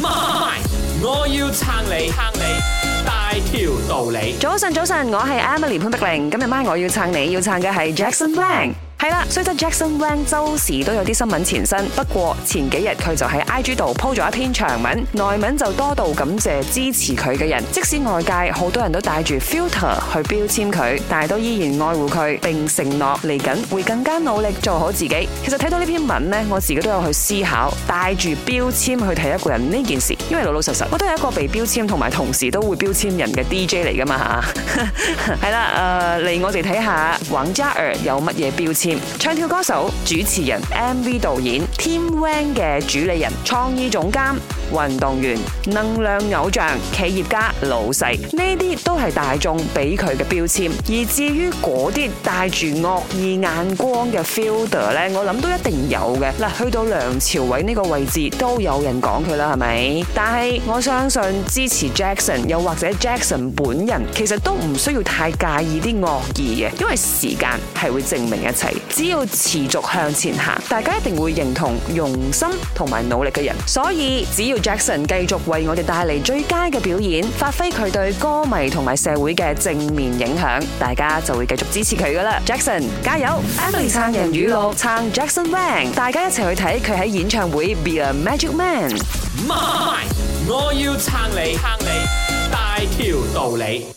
My. 我要撐你，撐你大條道理。早晨，早晨，我係 Emily 潘碧玲，今日晚我要撐你，要撐嘅係 Jackson Wang。係啦，雖然 Jackson Wang 周時都有啲新聞纏身，不過前幾日佢就喺 IG 度 po 咗一篇長文，內文就多度感謝支持佢嘅人，即使外界好多人都帶住 filter 去標籤佢，但係都依然愛護佢，並承諾嚟緊會更加努力做好自己。其實睇到呢篇文呢，我自己都有去思考帶住標籤去睇一個人呢件事，因為老老實實我都係一個被標籤同埋同時都會標籤人嘅 DJ 嚟噶嘛吓。係 啦，誒、呃、嚟我哋睇下 Wang Zara 有乜嘢標籤。唱跳歌手、主持人、MV 導演、Team Wang 嘅主理人、創意總監、運動員、能量偶像、企業家、老細，呢啲都係大眾俾佢嘅標籤。而至於嗰啲帶住惡意眼光嘅 filter，我諗都一定有嘅。嗱，去到梁朝偉呢個位置都有人講佢啦，係咪？但係我相信支持 Jackson 又或者 Jackson 本人，其實都唔需要太介意啲惡意嘅，因為時間係會證明一切。只要持續向前行，大家一定會認同用心同埋努力嘅人。所以只要 Jackson 繼續為我哋帶嚟最佳嘅表演，發揮佢對歌迷同埋社會嘅正面影響，大家就會繼續支持佢㗎喇。Jackson 加油！Emily Andy 撐人語錄撐 Jackson Wang，, Jack Wang 大家一齊去睇佢喺演唱會 Be a Magic Man。MY，我要撐你，撐你大條道理。